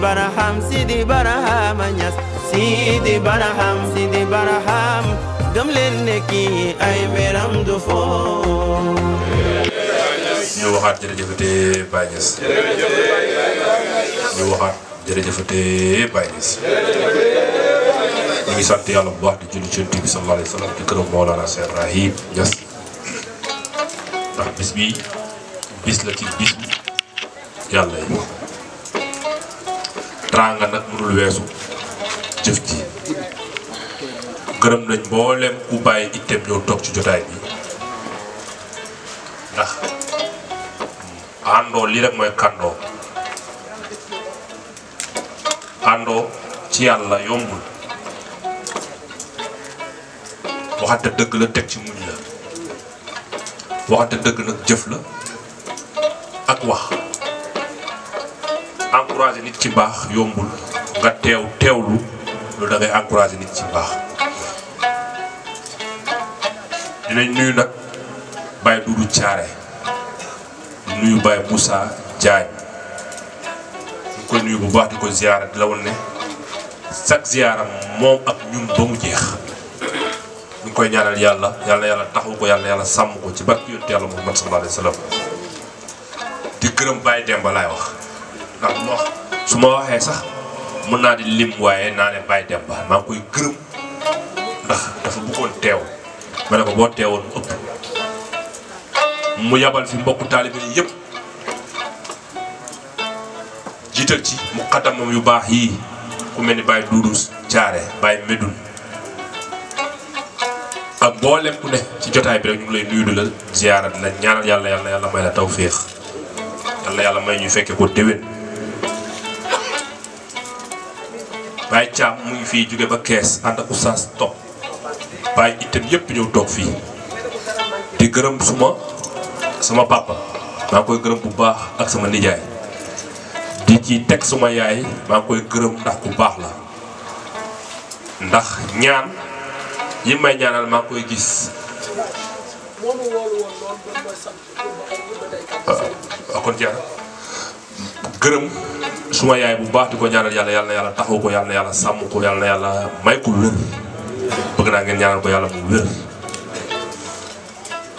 Baraham Sidi Barahama Ñas Sidi Baraham Sidi Baraham gëm leen ne kii ay meram du fo ñu waxaat jërëjëfate Baye Ñas ñu waxaat jërëjëfate Baye Ñas ñu ngi sant yàlla bu baax di julli ci Yonent bi sallallahu alayhi wa sallam di këram Mawlana Cheikh Rahim Ñas ndax bis bi bis la ci bis yàlla yi teraanga nag mënul weesu jëf ji gërëm nañ mboolem ku bàyyi itteem ñëw toog ci jotaay bi ndax àndoo lii rek mooy kàndoo àndoo ci yàlla yombul waxante dëgg la teg ci muñ la waxante dëgg nag jëf la ak wax encouragé nit ci baax yombul nga teew teewlu lu da ngay encouragé nit ci baax dinañ nuyu nag Baye Doudou Thiaré nuyu Baye Moussa Diagne ñu koy nuyu bu baax di ko ziyaara di la woon ne chaque ziyaara moom ak ñun ba mu jeex ñu koy ñaanal yàlla yàlla yàlla taxawu ko yàlla yàlla sàmm ko ci barke yonent yàlla Muhammad sallallahu alayhi wa sallam di gërëm Baye Demba laay wax ndax ma su ma waxee sax mën naa di lim waaye naa ne bàyyi dem ba maa koy gërëm ndax dafa bëggoon teew ma ne ko boo teewoon mu ëpp mu yabal fi mbokku taalibe yi yëpp jiital ci mu xaddamam yu baax yii ku mel ni Baye Doudou Thiaré Baye Medoune ak mboolem ku ne ci jotaay bi rek ñu ngi lay nuyu di la ziyaara di la ñaanal yàlla yàlla yàlla may la tawféex yàlla yàlla may ñu fekke ko déwén. Baye Thiam mu ngi fii jóge ba kees ànd ak oustaz topp Baye itam yëpp ñëw toog fii di gërëm suma sama papa maa koy gërëm bu baax ak sama nijaay di ci teg suma yaay maa ngi koy gërëm ndax bu baax la ndax ñaan yi may ñaanal maa ngi koy gis waaw ah, ah, kon gërëm suma yaay bu baax di ko ñaanal yàlla yàlla na yàlla taxaw ko yàlla yàlla sàmm ko yàlla na yàlla may ko wér bëgg naa ngeen ñaanal ko yàlla mu wér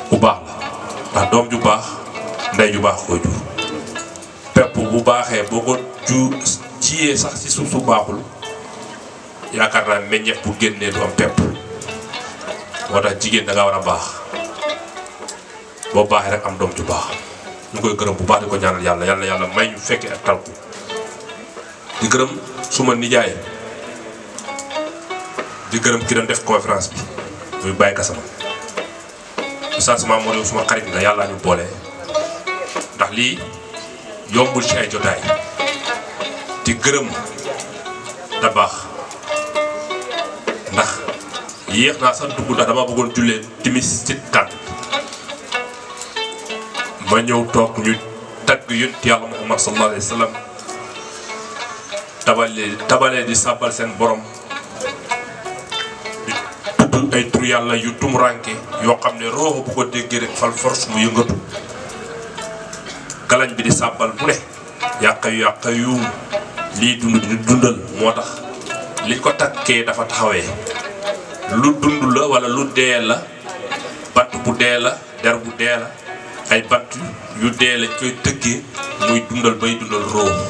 bu baax la doom ju baax ndey ju baax ko bu baaxee boo ko ju baaxul yaakaar naa meññeef bu génnee du am pepp jigéen da nga war a baax boo baax rek am doom ju baax ñu koy gërëm bu baax di ko ñaanal yàlla yàlla yàlla may ñu fekkee ak talku di gërëm suma nijaay di gërëm ki doon def conférence bi muy bàyyi kasama oustaz Mamour yow suma xarit nga yàlla ñu boole ndax lii yombul ci ay jotaay di gërëm da baax ndax yéex naa sax dugg ndax dama bëggoon jullee timis ci tànk ma ñëw toog ñu tagg yonent yàlla Muhammad sallallahu alayhi wa sallam tabalee tabalee di sàbbal seen borom di tudd ay tur yàlla yu tumuranke yoo xam ne rooxu bu ko déggee fal force mu yëngatu galañ bi di sàbbal bu ne yàqa yu yàqa yu lii dund di dundal moo tax li ko takkee dafa taxawee lu dund la wala lu dee la batt bu dee la der bu dee la ay batt yu dee lañ koy tëggee muy dundal bay dundal rooxu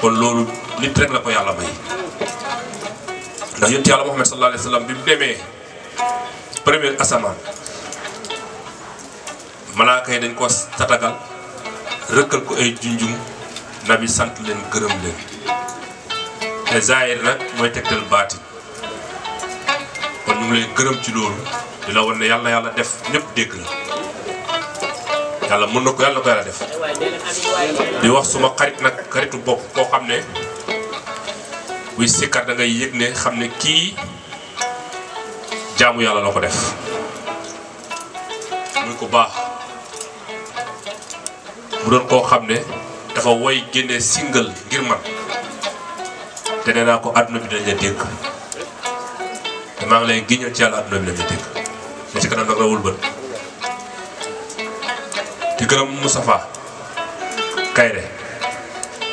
kon loolu nit rek la ko yàlla may ndax yonent yàlla Muhammad sallallahu yi dañ ko tatagal rëkkal ko ay junjum nabi sant leen gërëm nag mooy tegtal baatin kon ñu ngi gërëm ci loolu yàlla yàlla def ñëpp dégg la yàlla na ko yàlla ko wax suma xarit nag xaritu bopp koo xam ne buy sikkar da yëg ne xam ne kii jaamu yàlla la ko def muy ko baax mu doon koo xam ne dafa woy génne single ngir man te nee naa ko adduna bi dañ la dégg te maa ngi lay giñal ci yàlla adduna bi dañ la dégg li ci kanam nag rawul bët di gërëm Moustapha Kayre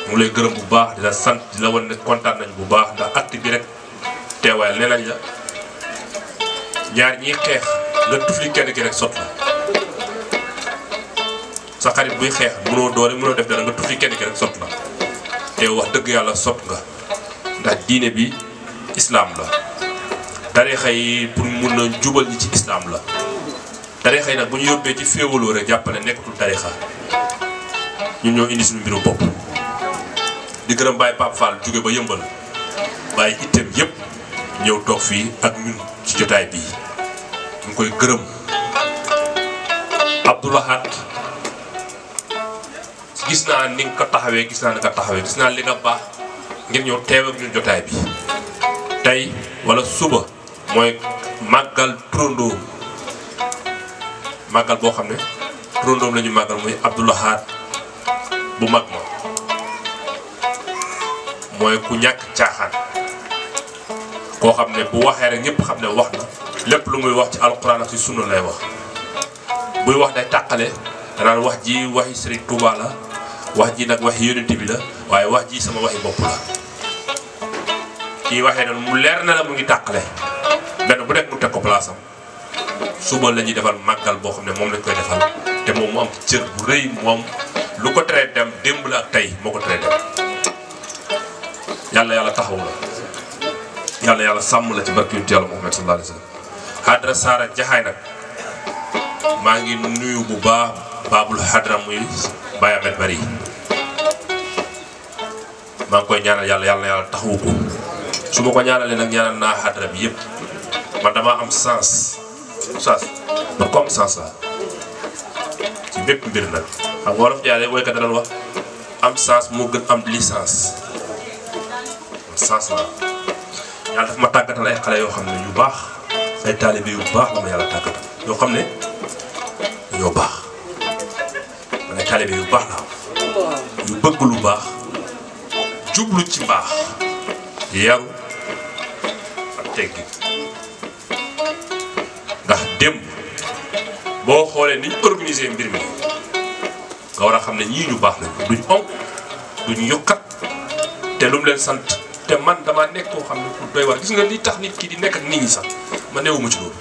mu lay gërëm bu baax di la sant di la wan ne kontaan nañ bu baax ndax att bi rek teewaay nee nañ la ñaar ñiy xeex nga tufli kenn ki rek sot la sa xarit buy xeex mënoo doole mënoo def dara nga tufli kenn ki rek sot la te wax dëgg yàlla sot nga ndax diine bi islaam la tarixa yi pour mun na jubal ñi ci islaam la tarixa yi nag bu ñu yóbbee ci féewaloo rek jàppale nekkatul tarixa ñun ñoo indi suñu mbiru bopp di gërëm Baye Pape Fall jóge ba yëmbal bàyyi itteem yëpp ñëw toog fii ak ñun ci jotaay bii ñu koy gërëm Abdoulahat gis naa ni ko taxawee gis naa ni nga taxawee gis naa li nga baax ngir ñëw teew ak ñun jotaay bi tey walla suba mooy màggal turandoo màggal boo xam ne turandoom la màggal muy Abdoulahat bu mag ma mooy ku ñàkk caaxaan koo xam ne bu waxee rek ñëpp xam ne wax na lépp lu muy wax ci alquran ak ci sunna lay wax buy wax day tàqale danaan wax ji waxi Serigne Touba la wax ji nag waxi yonent bi la waaye wax ji sama waxi bopp la kii waxee noonu mu leer na la mu ngi tàqale benn bu nekk mu teg ko place am suba la ñuy defal màggal boo xam ne moom lañ koy defal te moom mu am cër bu rëy moom lu ko teree dem démb la ak tey moo ko teree dem yàlla yàlla taxaw la yàlla yàlla sàmm la ci barke yàlla Muhammad sallallahu alayhi wa sallam xadra saara jaxaay nag maa ngi nuyu bu baax baabul xadra muy Baye Bari maa ngi koy ñaanal yàlla yàlla yàlla taxawu ko su ma ko ñaanalee nag ñaanal naa xadra bi yëpp man damaa am sens sens ba comme sens la ci bépp mbir nag xam nga wolof jaaree woykat dana wax am sens moo gën am licence saa su ne daf ma tàggatal ay xale yoo xam ne yu baax ay taalibe yu baax la ma yàlla tàggatal yoo xam ne dañoo baax man ay taalibe yu baax la yu bëgg lu baax jublu ci baax yaru ak teggi ndax démb boo xoolee niñ organisé mbir mi nga war a xam ne ñii ñu baax nañ duñ onk duñ yokkat te lu leen sant te man damaa nekk koo xam ne ku doy war gis nga li tax nit ki di nekk ak nit ñi sax ma newuma ci loolu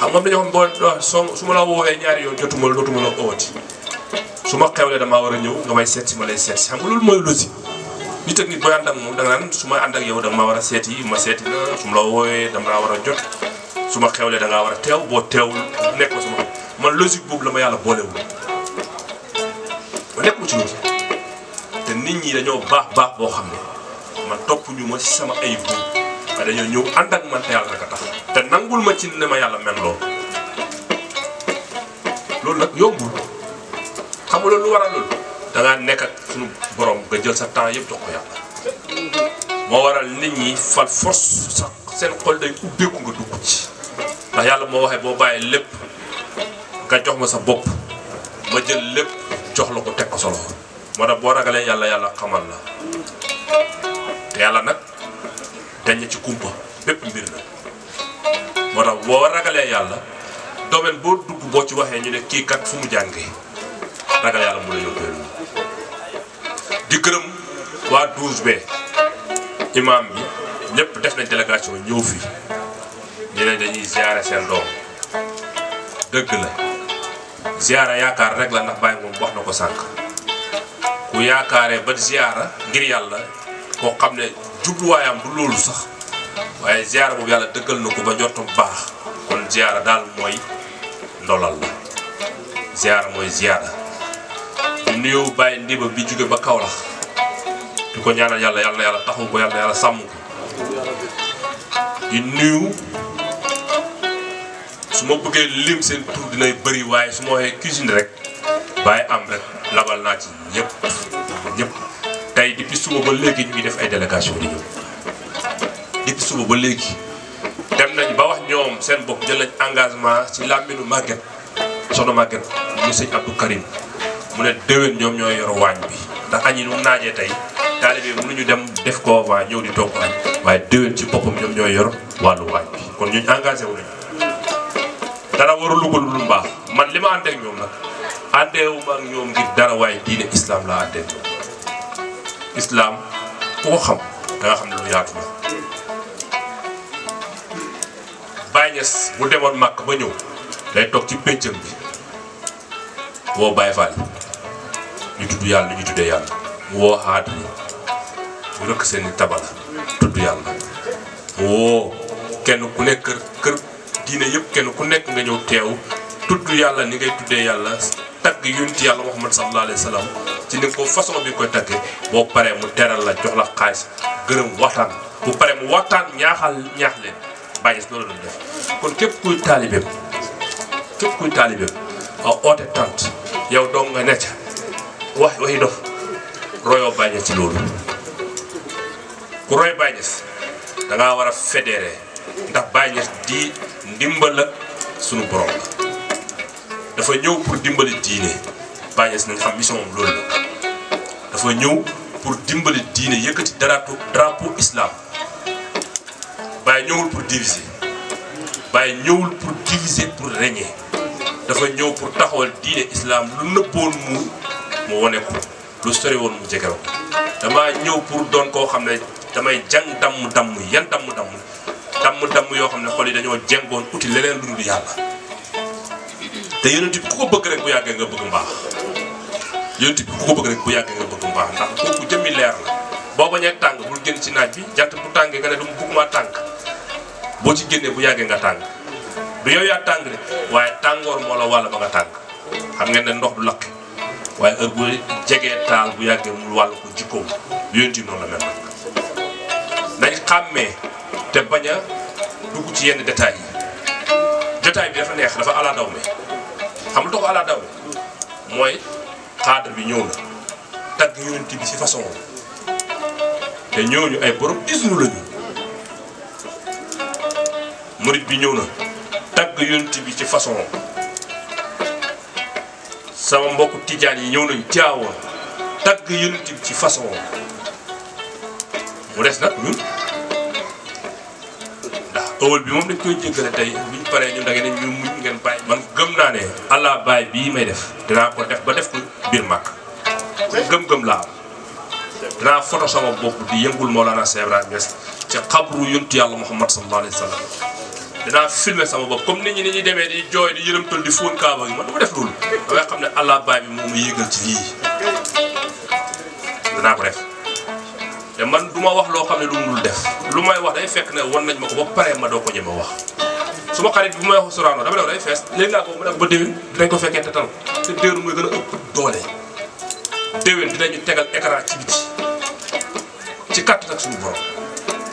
xam nga dañoo xam soo su ma la woowee ñaari yoon jotuma la dootuma la oowati su ma xewlee damaa war a ñëw nga may seet si ma lay seet si xam nga loolu mooy losi nit ak ak moom da nga su ma ànd ak war a seet ma seeti la su ma la war a jot su ma xewlee da war a teew boo teewul nekk ko sama man logique boobu la ma yàlla boolewul ma nekk mu ci loolu te nit ñi dañoo baax baax boo xam ne ma topp ñu ma si sama ay boobu waaye dañoo ñëw ànd ak man te yàlla rek a tax te nangul ma ci ne ma yàlla mel loolu loolu nag yombul xam nga lu war a loolu da ngaa suñu borom nga jël sa temps yëpp jox ko yàlla moo waral nit ñi fal force sax seen xol day ubbeeku nga yàlla moo waxee boo bàyyi lépp nga jox ma sa bopp ma jël lépp jox la ko teg ko sa loxo moo tax boo ragalee yàlla yàlla xamal la yàlla nag dañ ci kumpa bépp mbir la moo tax boo ragalee yàlla domaine boo dugg boo ci waxee ñu ne kii kat fu mu jàngee ragal yàlla mu la yóbbee di gërëm waa 12B imaam bi ñëpp def nañ délégation ñëw fii ñu ne dañuy ziare seen doom dëgg la ziara yaakaar rek la ndax bàyyi moom wax na ko sànq ku yaakaaree ba ziara ngir yàlla koo xam ne jubluwaayam du loolu sax waaye ziyaara boobu yàlla dëggal na ko ba njortam baax kon ziyaara daal mooy ndolal la ziyaara mooy ziyaara di bàyyi ndiba bi jóge ba Kaolack di ko ñaanal yàlla yàlla yàlla taxu ko yàlla yàlla sàmm ko di nuyu su ma bëggee lim seen tur dinay bëri waaye su ma waxee cuisine rek bàyyi am rek labal naa ci ñëpp ñëpp suba ba léegi ñu ngi def ay délégation di ñëw depuis suba ba léegi dem nañ ba wax ñoom seen bopp jël nañ engagement ci làmminu Maguette soxna Maguette mu sëñ Abdou Karim mu ne déwén ñoom ñooy yor waañ bi ndax añ nu naajee tey taalibe mënuñu dem def ko waa ñëw di togg añ waaye déwén ci boppam ñoom ñooy yor wàllu waañ bi kon ñu engagé wu dara warul lu ko lu mbaax man li ma àndeek ñoom nag àndeewu ñoom ngir dara waaye diine islam laa àndeek islaam ku ko xam da nga xam ne lu yaatu la Baye Niass demoon màkk ba ñëw day toog ci péncam bi woo Baye Fall ñu tudd yàlla ñu tuddee yàlla woo aada yi ñu rëkk seen tabala tudd yàlla woo kenn ku nekk kër kër diine yëpp kenn ku nekk nga ñëw teew tudd yàlla ni ngay tuddee yàlla tagg yonent yàlla Muhammad sallallahu alayhi wa sallam ci ni ko façon bi koy tagge boo paree mu teral la jox la xaalis gërëm waxtaan bu paree mu waxtaan ñaaxal ñaax leen bàyyi loolu lañ def kon képp kuy taalibeem képp kuy yow doom nga wax waxi dof royoo ci loolu ku roy Baye Niass war a fédéré ndax Baye Niass di ndimbal la sunu borom la dafa ñëw pour dimbali diine Baye Niass xam mission loolu la dafa ñëw pour dimbali diine yëkkati daraatu drapeau islam Baye ñëwul pour diviser Baye ñëwul pour diviser pour régner dafa ñëw pour taxawal diine islam lu nëbboon mu mu wone ko lu sori woon mu jege ko damaa ñëw pour doon koo xam ne damay jàng damm damm yan damm damm damm damm yoo xam ne xol yi dañoo jengoon uti leneen lu dul yàlla te yonent ku ko bëgg rek bu yàggee nga bëgg mbaax. yonent bi ku ko bëgg rek bu yàggee nga bëgg mu baax ndax kooku jëmmi leer la boo bañee tàng bul génn ci naaj bi jant bu tàngee nga ne du mu bëgguma tàng boo ci génnee bu yàggee nga tàng bu yow yaa tàng waaye tàngoor moo la wàll ba nga tàng xam ndox du lakk waaye heure bu jegee taal bu yàggee mu wàll ko jikkoom yonent yi noonu la mel nag xàmmee te bañ a dugg ci yenn détails yi jotaay bi dafa neex dafa ala me xam lu tax ala daw mooy xaadar bi ñëw na tagg yonent bi ci façon te ñooñu ay borom isnu lañu murit bi ñëw na tagg yonent bi ci façon sama mbokku tijaan yi ñëw nañ jaawoon tagg yonent bi ci façon mu des nag ñun ndax ëwël bi moom dañ koy jéggale tey bu ñu paree ñun da ngeen ñu muñ ngeen bàyyi man gëm naa ne allah baay bii may def dinaa ko def ba def ko biir màkk gëm-gëm laa dinaa foto sama bopp di yëngul Mawlana Cheikh Ibrahima Niass ci xabru yuntu yàlla Muhammad sallallahu alayhi wa sallam dinaa filmer sama bopp comme nit ñi ni ñuy demee di jooy di yërëmtal di fóon kaaba gi man du ma def loolu dangay bi moo mu ko def te man du ma wax loo xam ne lu mu dul def may wax day fekk ne wan nañ ma ko ba pare ma doo ko ñeme wax su ma xarit bu may wax Sorano dama ne day fees léegi naa ko mu def ba déwén dinañ ko fekkee te tal sa déeru mooy gën a ëpp doole déwén dinañu tegal écran ci biti ci kàttan ak suñu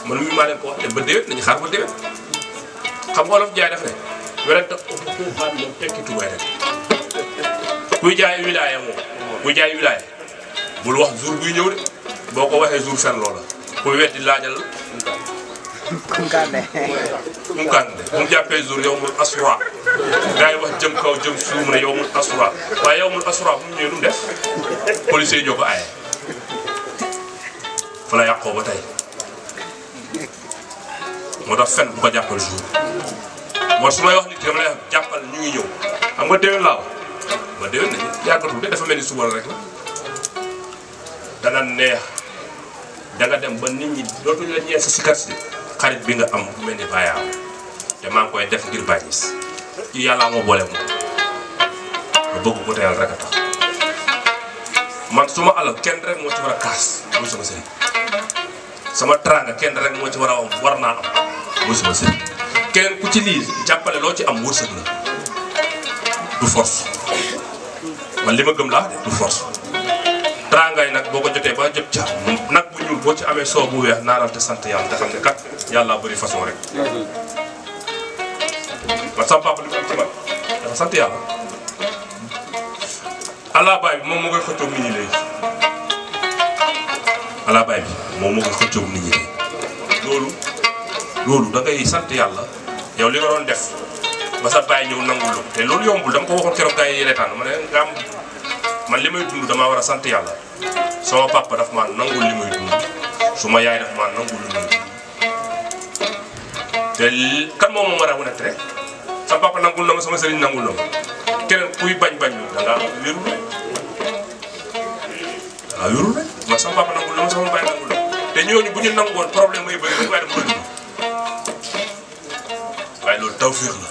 borom xaar ba déwén xam nga olof jaay def ne werante ëpp ku rek kuy jaay wilaaya moom kuy jaay wilaaya bul wax jour buy ñëw de boo ko waxee jour fen loola kuy weddi laajal Koungandé. Koungandé bu ñu jàppee jour yow mu asura gars yi wax jëm kaw jëm suum ne yow mu asura waaye yow mu asura bu mu ñëwee du def policier ñoo ko aaye fa yàqoo ba tey moo tax fen bu ko jàppal jour moo su may wax nit dama lay jàppal ñu ngi ñëw xam nga déwén laaw ma déwén nañu yàggatul de dafa mel ni suba rek la dana neex danga dem ba nit ñi dootuñu la ñeent sa si xarit bi nga am bu mel ni bayaam te maa ngi koy def ngir bàññis ci yàllaa moo boole moom ma bëgg ko yàlla rek a tax man suma alal kenn rek moo ci war a kaas muy sama sëriñ sama teraanga kenn rek moo ci war a am war naa am muy sama sëriñ kenn ku ci lii jàppale loo ci am wërsëg la du force man li ma gëm laa du force teraanga yi nag boo ko jotee ba jot ca boo ci amee soow bu weex naanal te sant yàlla te xam ne kat yàlla baay bi moom moo koy xëccoog nit ñi léegi bi moom moo koy xëccoog loolu loolu da sant yàlla yow li nga doon def ba sa baay ñëw nangul la te loolu yombul dama ko waxoon keroog gars yi reetaan ma man li may dund dama war a sant yàlla sama papa daf maa nangul li may dund suma yaay daf maa nangul nangu te kan moom moo mën a wonante rek sama papa nangul na ma sama sëriñ nangul na ma keneen kuy bañ bañ da ngaa wérul rek da ngaa wérul rek ma sama papa nangul na ma sama baay nangul na ma te ñooñu bu ñu nangoon problème may bëri rek waaye dama bëri waaye loolu tawféex la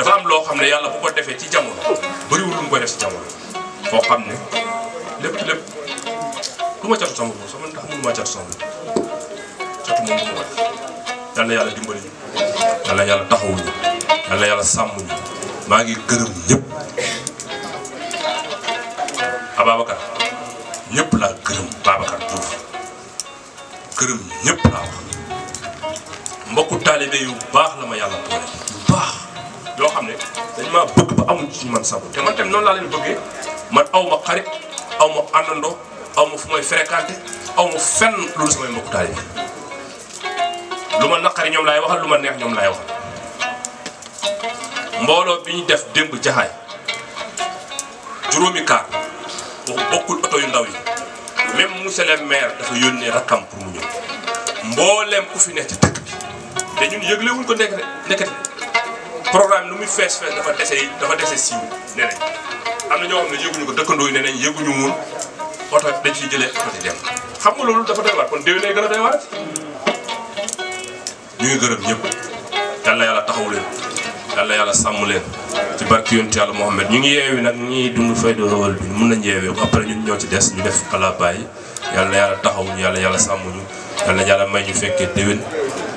dafa am loo xam ne yàlla bu ko defee ci jamono bëriwul lu mu koy def ci jamono foo xam ne lépp lépp du ma catu sama bopp sama ndax mënu ma catu sama bopp yal na yàlla dimbali ñu yal yàlla taxawu ñu yàlla sàmm ñu maa ngi gërëm ñëpp Ababacar ñëpp laa gërëm Babacar Diouf gërëm ñëpp laa wax mbokku taalibe yu baax la ma yàlla boole yu baax yoo xam ne dañ maa bëgg ba amul ci man sabu te man tamit noonu laa leen bëggee man aw xarit aw àndandoo aw fu may fréquenté aw fenn loolu samay mbokku taalibe lu ma naqari ñoom laay waxal lu ma neex ñoom laay waxal mbooloo bi ñu def démb jaxaay juróomi kaar wax bokkul oto yu ndaw yi même mu le maire dafa yónnee rakkam pour mu ñëw mbooleem ku fi ne ci dëkk bi te ñun yëglewuñ ko nekk nekkati programme lu muy fees fees dafa dese dafa dese siiw ne nañ am na ñoo xam ne yëguñu ko dëkkandoo yi ne nañ yëguñu woon oto dañ ciy jëlee oto di dem xam nga loolu dafa doy waar kon déwén lay gën a doy waar ñu ngi gërëm ñëpp yal yàlla taxaw leen yal na yàlla sàmm leen ci barki yontu yàlla Muhammad ñu ngi yeewi nag ñi dund fayda rëwal bi mun nañ yeewee ko après ñun ñoo ci des ñu def balaa bàyyi yal na yàlla taxaw ñu yal yàlla sàmm ñu yal yàlla may ñu fekkee déwén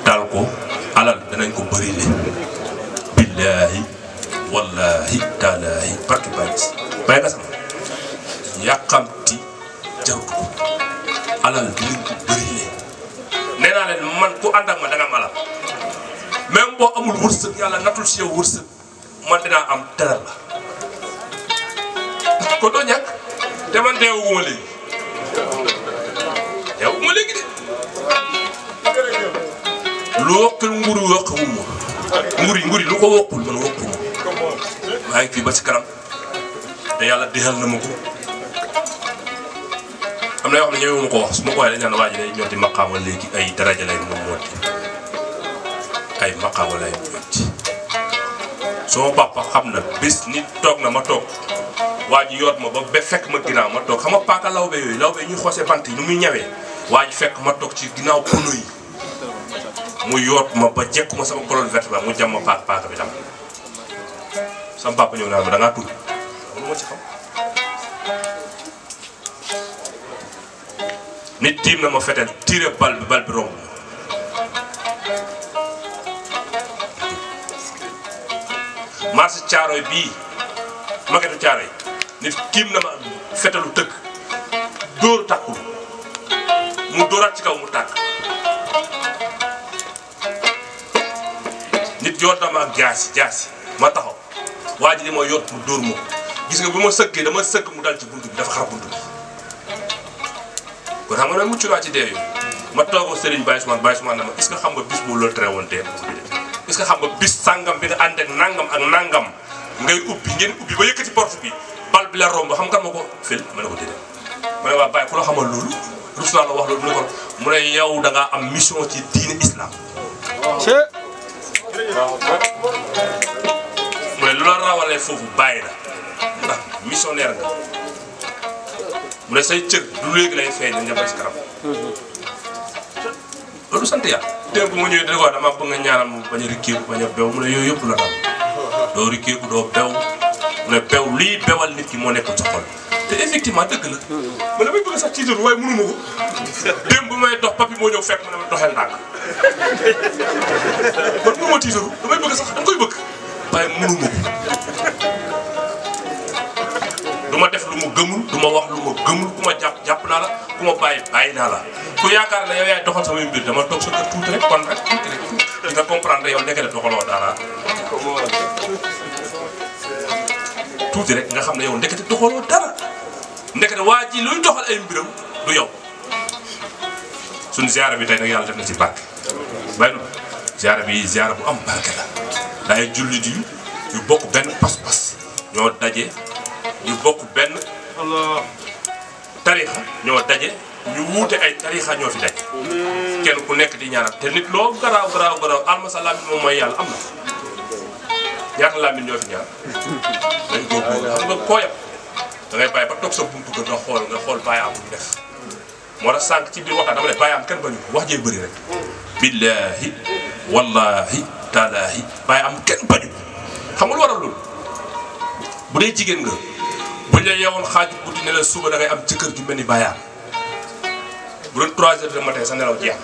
taal ko alal danañ ko bëri le billaahi wallaahi taalaahi barki bàyyi bàyyi nga sama yàqamti jarut alal bi même boo amul wërsëg yàlla natul si yow wërsëg man dinaa am teral la ko doo te man deewuma léegi léegi de lu wokkul nguur yi wokkuwul ma nguur yi nguur yi lu ko wokkul man wokkul ma maa ngi fii ba ci kanam te yàlla dexal na ma ko am na yoo xam ne ñëwee ko wax su ma ko waxee dañu naan waa ji day ñotti maqaama léegi ay daraja lay moom moo ay maqaama lay metti xam na bis nit toog na ma toog waa ji yoot ma ba fekk ma ginnaaw ma toog xam nga paaka lawbe yooyu lawbe ñuy xoose bant yi nu muy ñawee waa ji fekk ma toog ci ginnaaw pono yi mu yoot ma ba jekku ma sama colonne vertébrale mu jam ma paak paaka bi dam sama papa ñëw naa ma da ngaa nit tiim na ma fetel tiré bal bi bal bi romb marché Caaroy bii maketu Caaroy nit tiim na ma fetalu tëgg dóor tàkkul mu dóoraat ci kaw mu tàkk nit yor dama ak jaasi jaasi ma taxaw waa ji li ma yor pour dóor ma gis nga bu ma sëggee dama sëgg mu dal ci buntu bi dafa xar buntu bi kon xam ne mucc naa ci dee yooyu ma toogoo Serigne Baye Soumane Baye Soumane ne ma est-ce que xam nga bis bu loolu tere woon dee est-ce xam nga bis sangam bi nga ànd ak nangam ak nangam ngay ubbi ngeen ubbi ba yëkkati porte bi bal bi la romb xam nga ma ko fil ma ne la xamal wax loolu ne ko mu yow da ngaa am mission ci diine islam. mu ne lu la rawalee foofu bàyyi nga mu ne say cër du léegi lay feeñ dañ la bàyyi si kanam. Mhm. du sant yàlla. tey bu ma ñëwee dina ko wax dama bëgg nga ñaanal ma bañ a rikkeeku bañ a bew mu ne yooyu la dal doo rikkeeku doo bew mu ne bew lii bewal nit ki moo nekkul sa xol te effectivement dëgg la. ma damay bëgg sax tiitur waaye mënu ma ko. démb bu may dox papi moo ñëw fekk ma ne ma bëgg sax dama koy bëgg waaye mënu ma ko. du ma def lu mu gëmul du ma wax lu ma gëmul ku ma jàpp jàpp naa la ku ma bàyyi bàyyi naa la ku yaakaar ne yow yaay doxal samay mbir dama toog sa kër tuuti rek nga comprendre yow ndeke def doxaloo dara tuuti nga xam ne yow ndekete doxaloo dara ndekete waa ji luy doxal ay mbiram du yow suñu ziara bi tey nag yàlla def na ci barke bay nu bi ziara bu am barke la daay jullit yu bokk benn pas-pas ñoo daje yu bokk benn tarixa ñoo daje ñu wuute ay tarixa ñoo fi daj kenn ku nekk di ñaanal te nit loo garaaw garaaw garaaw alma sa làmmiñ moom mooy yàlla am na ñaata làmmiñ ñoo fi ñaan dañ koo ba toog sa buntu gën nga xool nga xool bàyyi am def moo tax sànq ci biir waxtaan dama ne bàyyi am kenn bañu wax jee bëri rek billaahi wallaahi taalaahi bàyyi am kenn bañu xam nga lu bu dee jigéen nga buñ la yeewoon xaaju guddi ne la suba da ngay am jëkkër ju mel ni bayaar bu doon 3 heures de sa nelaw jeex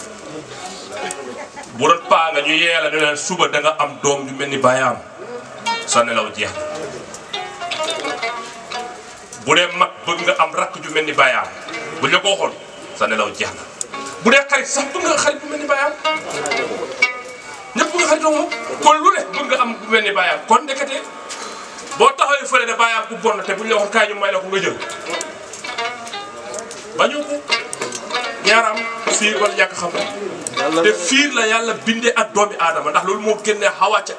bu doon paa nga ñu yee la ne la suba danga am doom ju mel ni bayaam sa nelaw jeex bu dee mag bëgg mel ni bayaam buñ jeex na xarit sax bëgg nga xarit bu mel ni bayaam ñëpp nga xaritoo moom kon lu ne bëgg nga am bu mel ni bayaam kon ndekete boo taxawee fële ne bàyyi am bu bon te buñ la waxoon ñu may la ko nga jël bañu ko ñaaram fiir wala ñàkk xam na te fiir la yàlla bindee ak doomi aadama ndax loolu moo génnee xawaa ca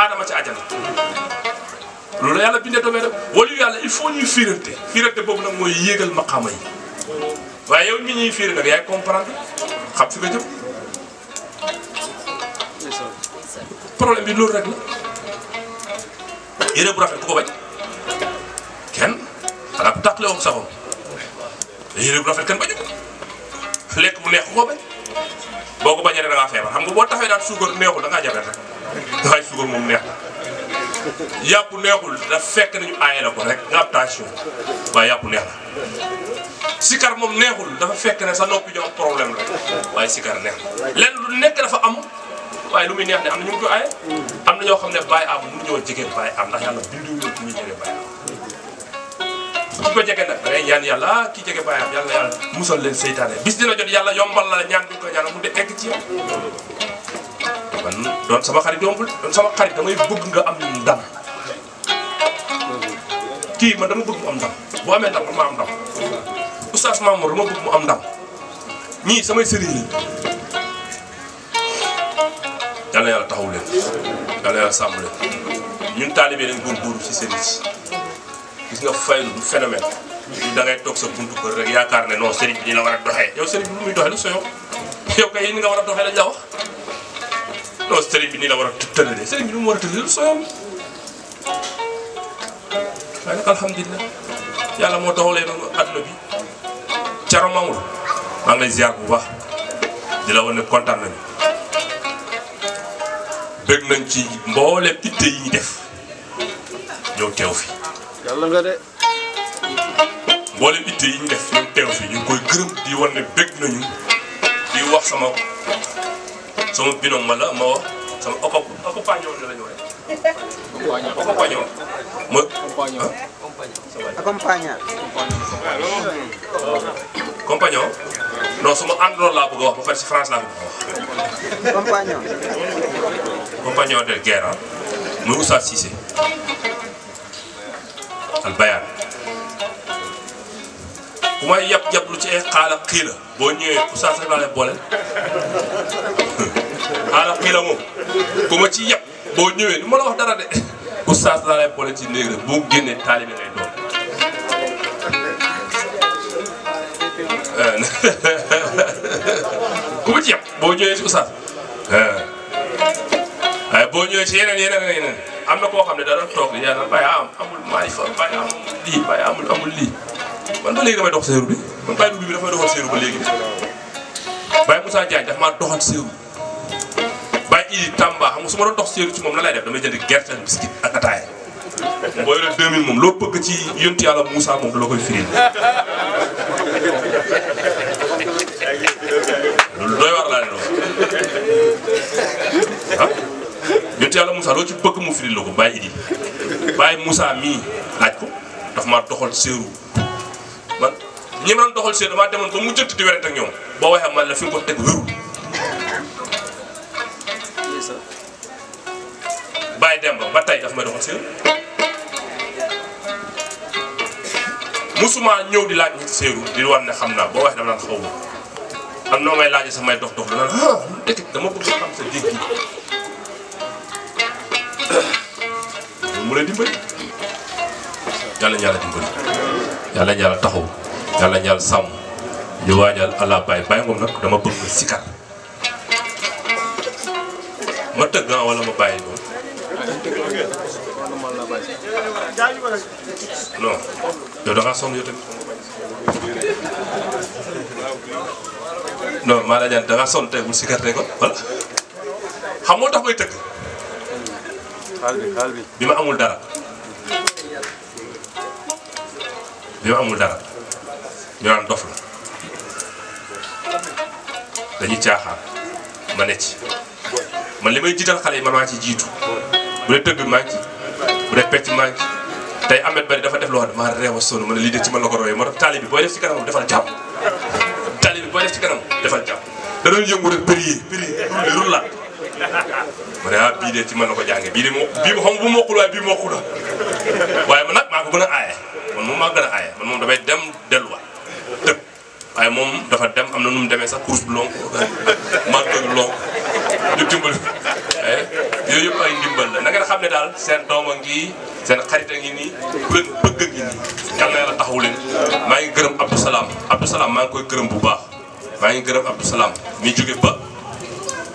aadama ca ajana loolu la yàlla bindee doomi aadama walu yàlla il faut ñuy fiirante fiirante boobu nag mooy yéegal maqaama yi waaye yow mi ñuy fiiri nag yaay comprendre xam fi nga jëm problème bi loolu rek la yére bu rafet ku ko bañ kenn xanaa ku tàqale woon saxoon yére bu rafet kenn bañu ko lekk bu neex ku boo ko bañee da ngaa feebar xam nga boo taxee daal suukar neexul da ngaa jabet rek dafay neex na yàpp neexul da fekk ko rek nga am tension waaye yàpp neex na sikar moom neexul dafa fekk ne sa noppi ñoo problème rek waaye sikar neex lenn lu nekk dafa am waaye lu muy neex ne am ñu ngi ko aaye am na ñoo xam ne bàyyi am mu ñëw jege bàyyi am na yàlla bindu ñu ci ñu jege bàyyi am ku ko jege nag da ngay ñaan yàlla ah, kii jege bàyyi am yàlla yàlla musal leen seytaane bis dina jot yàlla yombal la ñaan bi ko ñaan mu de egg ci yow doon sama xarit yombul doon sama xarit damay bëgg nga am ndam kii man dama bëgg mu am ndam bu amee ndam ma am ndam oustaz Mamour dama bëgg mu am ndam ñii samay sëriñ lañ yàlla yàlla taxaw leen yàlla yàlla sàmm leen ñun taalibe dañ góorgóorlu ci sëriñ si gis nga faylu du phénomène da toog sa buntu kër rek yaakaar ne non sëriñ bi dina war a doxee yow sëriñ bi lu muy doxee la so yow yow kay ni nga war a doxee lañ la wax non sëriñ bi nii la war a tëralee sëriñ bi ni mu war a alhamdulilah yàlla moo taxawalee la àdduna bi caro mamul maa ngi lay ziar bu baax di la wan ne kontaan nañu bëgg nañ ci mboolem itte yi ñu def ñëw teew fi. yàlla nga yi ñu def ñëw teew koy gërëm di wan ne bëgg nañu di wax sama sama binom ma la ma wax sama oco accompagnant la ñu waxee. Ah? accompagnant accompagnant. su ma àndoon laa bëgg a wax ba pare France laa bëgg compagnon de guerre muy Oustaz Cissé al bayaan bu may yab yab lu ci ay xaala xiila boo ñëwee Oustaz rek laa lay boole moom ku ma ci yab boo ñëwee du ma la wax dara de Oustaz laa ci néeg rek boo génnee taalibe ngay doon. Eh. ku ma ci yab boo ñëwee si Oustaz. Eh. boo ñëwee ci yeneen yeneen yeneen am na koo xam ne dara toog di yàlla bàyyi am amul maarifa bàyyi amul lii bàyyi amul amul lii man ba léegi damay dox séeru bi man bàyyi bi bi dafay doxal séeru ba léegi bàyyi Moussa Diagne daf maa doxal séeru bàyyi Idi Tamba xam nga su ma doon dox séeru ci moom la lay def damay jënd gerte ak biscuit ak ataaya boo yore 2000 moom loo bëgg ci yontu yàlla Moussa moom la koy firil loolu doy war laa ne loolu yonent yàlla Moussa loo ci bëgg mu firil la ko bàyyi idi bàyyi Moussa mii laaj ko daf maa doxal séeru man ñi ma doon doxal séeru damaa demoon ba mu jënd di werante ak ñoom boo fi ko teg dem ba ba tey daf may doxal séeru musuma ñëw di laaj ñu ci séeru di war ne xam naa boo waxee dama naan xaw ma am noo ngay laajee samay dox dox dana la ah dama bëgg xam sa dégg mu leen dimbali yàlla yàlla dimbali yàlla yàlla taxaw yàlla yàlla sàmm ñu waajal allah bàyyi bàyyi ngoom nag dama bëgg nga sikar ah noonu maa la jaan da ngaa sonn sikar tey ko wala xam moo tax may tëgg bi ma amul dara bi ma amul dara ñu naan dof la dañuy caaxaan ma ne ci man li may jiital xale yi man maa ci jiitu bu dee tëgg maa ci bu dee pecc maa ci tey Ahmed Bari dafa def loo xam ne maa a sonn ma ne lii de ci man la ko royee moo tax booy def ci kanamam defal jàmm taali booy def ci kanam defal jàmm da yëngu rek périe périe rulaat ma ah, bii de ci mën na ko jànge bii de moo bii xam bu mokkul waaye bii mokku la waaye man nag maa ko gën a aaye man moom maa gën a aaye man moom damay dem delluwaat dëpp waaye moom dafa dem am na nu mu demee sa course bu long man eh, ay ndimbal la na ne daal seen doom a ngi seen xarit a ngi nii ku leen maa ngi gërëm Abdou Salam Abdou Salam maa ngi koy gërëm bu baax maa ngi gërëm Abdou Salam mi jóge ba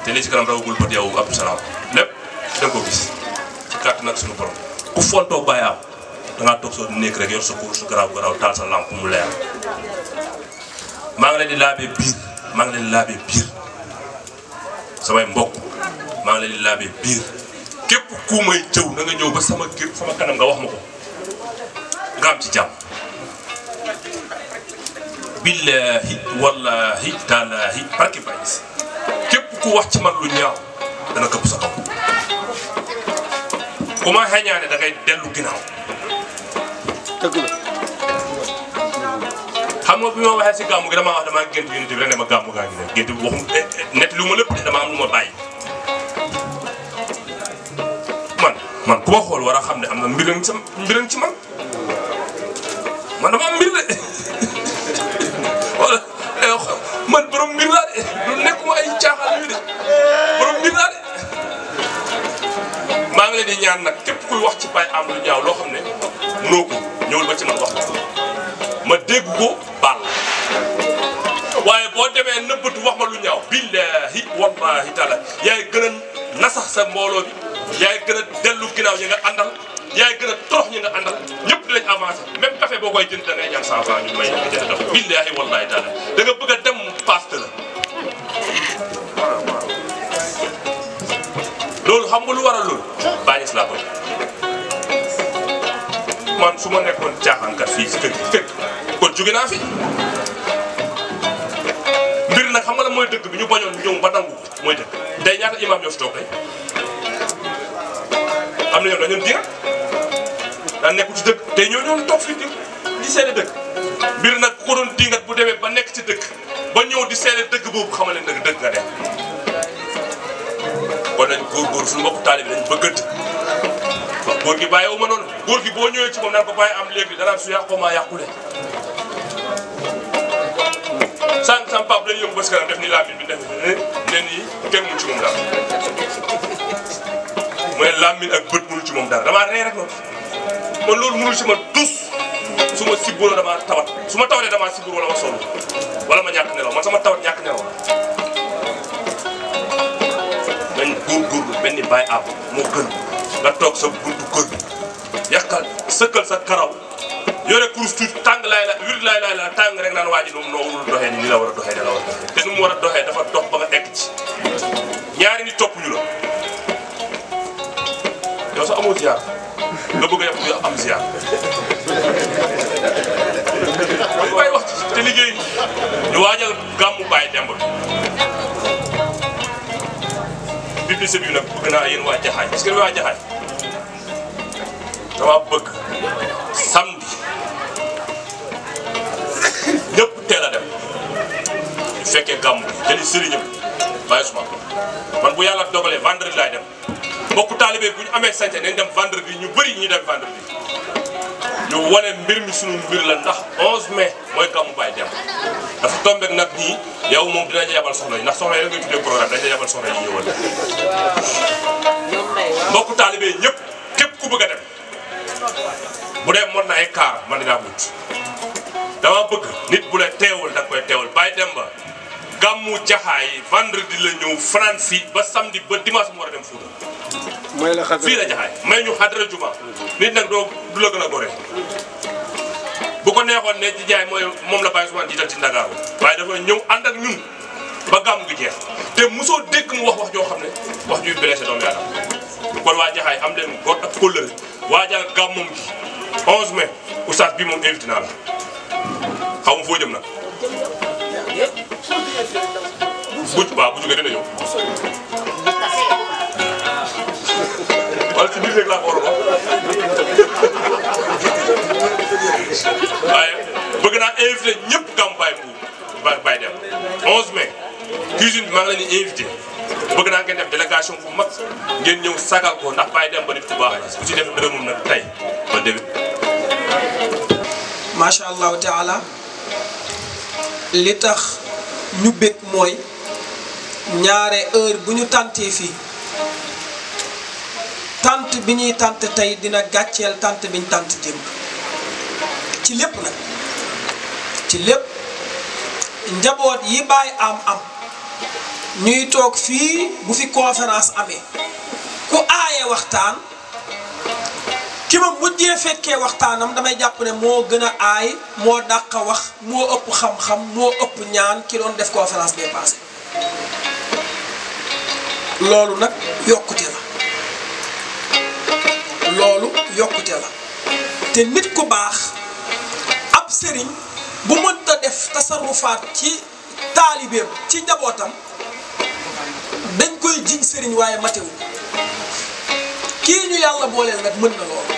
te li ci kanam rawagul bët yow Abdou Salam lépp da nga ko gis nekk rek yor sa kuur su garaaw garaaw taal sa lampe mu leer maa ngi leen di laabee biir maa ngi leen di laabee biir samay mbokk maa ngi leen laabee biir képp ku may jëw na nga ñëw ba sama kër sama kanam nga wax ma ko nga am ci jàmm billahi wallahi taalahi barke bàyyi si ku wax ci man lu ñaaw dana këpp sa kaw ku xeeñaane da dellu ginnaaw dëgg xam nga bi ma waxee si gàmmu gi damaa wax damaa gént yéen bi la ne ma gàmmu gaa ngi ne gént bi waxum eh, eh, net lu ma lépp de dama am lu ma bàyyi man man ku xool war a xam ne am na mbir ci man man dama am mbir maa ngi leen di ñaan nag képp kuy wax ci Baye am lu ñaaw loo xam ne mënoo ko ñëwul ba ci man wax ko ma dégg ko baal waaye boo demee nëbbatu wax ma lu ñaaw billahi wallahi taala yaay gën a nasax sa mbooloo bi yaay gën a dellu ginnaaw ñi nga àndal yaay gën a torox ñi nga àndal ñëpp dinañ avancé même café boo koy jënd da ngay ñaan 100 francs ñu may billahi wallahi taala da nga bëgg a dem su ma nekkoon caaxaankat fii si kër gi fekk kon naa fi mbir nag xam nga la mooy dëgg bi ñu bañoon ñëw ba nangu mooy dëgg tey ñaata imaam ñoo fi toog tey am na ñoo dañoon dira daan nekku ci dëkk tey ñoo ñoon toog fii di di seede mbir nag ku ko doon dingat bu demee ba nekk ci dëkk ba ñëw di seede dëgg boobu xamal leen dëgg dëgg nga def kon nag góor-góor suñu mbokk taalibe dañ bëggante waaw góor gi bàyyi wu ma noonu góor gi boo ñëwee ci moom naan ko am léegi dara su yàqoo maa yàqule sànq sama papa lay yëngu bës kanam def ni làmmiñ bi def ne nii kenn mënu ci moom dara mooy làmmiñ ak bët mënu ci moom dara damaa ree rek noonu man loolu mënul ci ma tus su ma sibboon damaa tawat su ma tawatee damaa sibboon wala ma sonn wala ma ñàkk nelaw man sama tawat ñàkk nelaw ni bay am moo gën nga toog sa buntu kër yàqal sëkkal sa karaw yore kurus tuuti tàng laay la wir laay laay la rek naan waa ji noonu noo wul ni ni la war a doxee da la war a doxee te nu mu war a doxee dafa dox ba nga egg ci ñaari ni topp ñu la yow sax amoo ziar nga bëgg a yàq yow am ziar lu bay wax te liggéey ñu publicité bi nag bëgg naa yéen waa Jaxaay parce que waa Jaxaay dama bëgg samedi ñëpp teel dem ñu fekkee gàmmu jëli sëriñam bàyyi suma man bu yàlla dogalee vendredi laay dem mbokk taalibe bu ñu amee sañte nañ dem vendredi ñu bëri ñu dem vendredi ñu wane mbir mi sunu mbir la ndax 11 mai mooy gàmmu Baye Demba dafa tombé nag nii yow moom dinañ yabal soxla yi ndax soxla yi rek ngay tuddee programme dañ lay yabal soxla yi ñëwal. mbokku taalibe ñëpp képp ku bëgg a dem bu dee mën na ay man ngaa wut dama bëgg nit bu la teewul da koy teewul bàyyi dem ba jaxaay vendredi la ñëw fanaan ba samedi ba dimanche mu war dem Fuuta. fii la jaxaay may ñu xadra juma nit nag doo du la gën a gore. bu ko neexoon ne Ndiaye mooy moom la Baye Ousmane jiital ci Ndakaaru waaye dafa ñëw ànd ak ñun ba gàmm gi jeex te mosoo dégg mu wax wax joo xam ne wax ñuy blessé doomu yaakaar kon waa Jaxaay am leen góor ak kóllëre waajal gàmmam gi 11 mai oustaz bi moom invité naa la xaw ma foo nag. bu waaw bu ñëw. waaye bëgg naa invité ñëpp gàmmu Baye Mbuub ba Baye Dem 11 mai cuisine bi maa ngi invité bëgg naa ngeen def délégation bu mag ngeen ñëw sagal ko ndax Baye Dem ba nit ku baax ku ci def dërëmum nag tey ba déwén macha allahu taala li tax ñu bég mooy ñaare heure bu ñu tàntee fii tant bi ñuy tant tey dina gàcceel tant biñ tant démb ci lépp nag ci lépp njaboot yi bàyyi am am ñuy toog fii bu fi conférence amee ku aaye waxtaan ki ma mujjee fekkee waxtaanam damay jàpp ne moo gën a aay moo dàq wax moo ëpp xam-xam moo ëpp ñaan ki doon def conférence bee passé loolu nag yokkute la loolu yokkute la te nit ku baax sëriñ bu mënta def tasarrufaat ci taalibeem ci njabootam dañ koy jiñ sëriñ waaye matewu kii ñu yàlla booleel nag mën na loolu